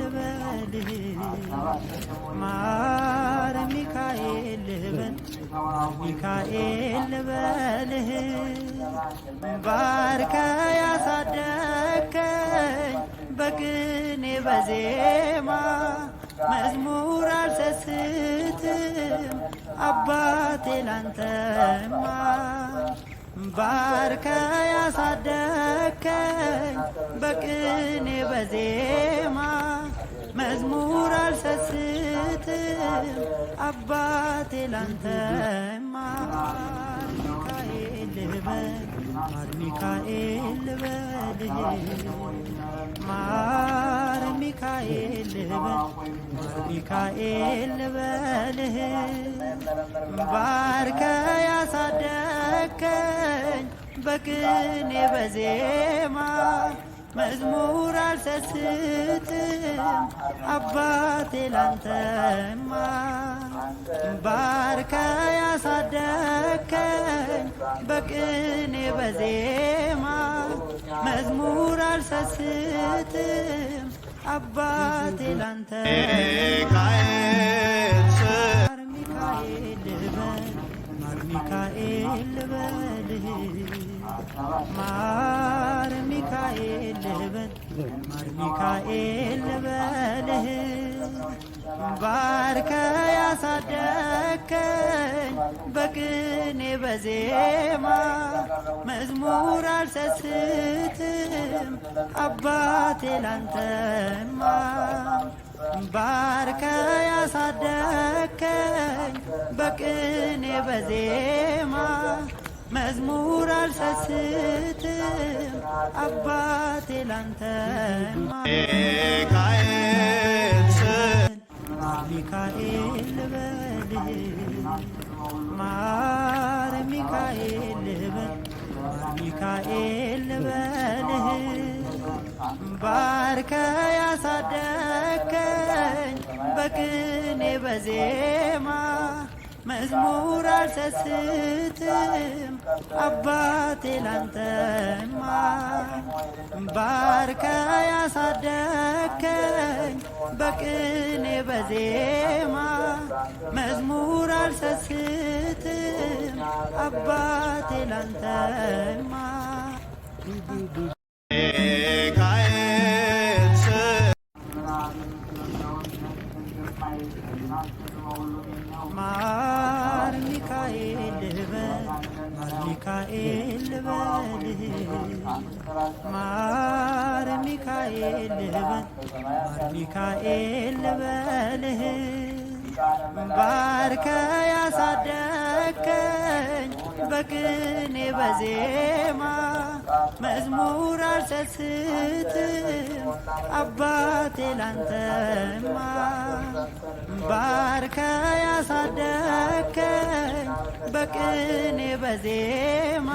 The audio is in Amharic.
ልበል ማር ሚካኤል ልበል ሚካኤል ልበልህ ባርከ ያሳደከኝ በቅኔ በዜማ መዝሙር አልሰስትም አባቴ ላንተማ ባርከ ያሳደከኝ በቅኔ በዜማ መዝሙር አልሰስትም አባቴ ላንተማ ማርሚካኤል ልበል ማርሚካኤል ሚካኤል ልበል ማር ሚካኤል ልበል ባርከ ያሳደከ በቅኔ በዜማ መዝሙር አልሰስትም አባቴ ላንተማ ባርከ ያሳደከኝ በቅኔ በዜማ መዝሙር አልሰስትም አባቴ ላንተ ሚካኤል በል ማር ሚካኤል ማር ሚካኤል ልበል ማር ሚካኤል ልበልህ ባርከ ያሳደከኝ በቅኔ በዜማ መዝሙር አልሰስትም አባቴ ላንተማ ባርከ ያሳደከኝ በቅኔ በዜማ መዝሙር አልሰስትም አባቴ ላንተ ሚካኤል ልበል ማር ሚካኤል ልበል ሚካኤል ልበልህ ባርከ ያሳደከኝ በቅኔ በዜማ መዝሙር አልሰስትም አባቴ ላንተማ ባርከ ያሳደከኝ በቅኔ በዜማ መዝሙር አልሰስትም አባቴ ላንተማ ማር ሚካኤል ልበል ማር ሚካኤል ልበል ማር ሚካኤል ልበል ማር ሚካኤል ልበል ባርከ ያሳደ በቅኔ በዜማ መዝሙር አልሰስትም አባቴ ላንተማ ባርከ ያሳደከኝ በቅኔ በዜማ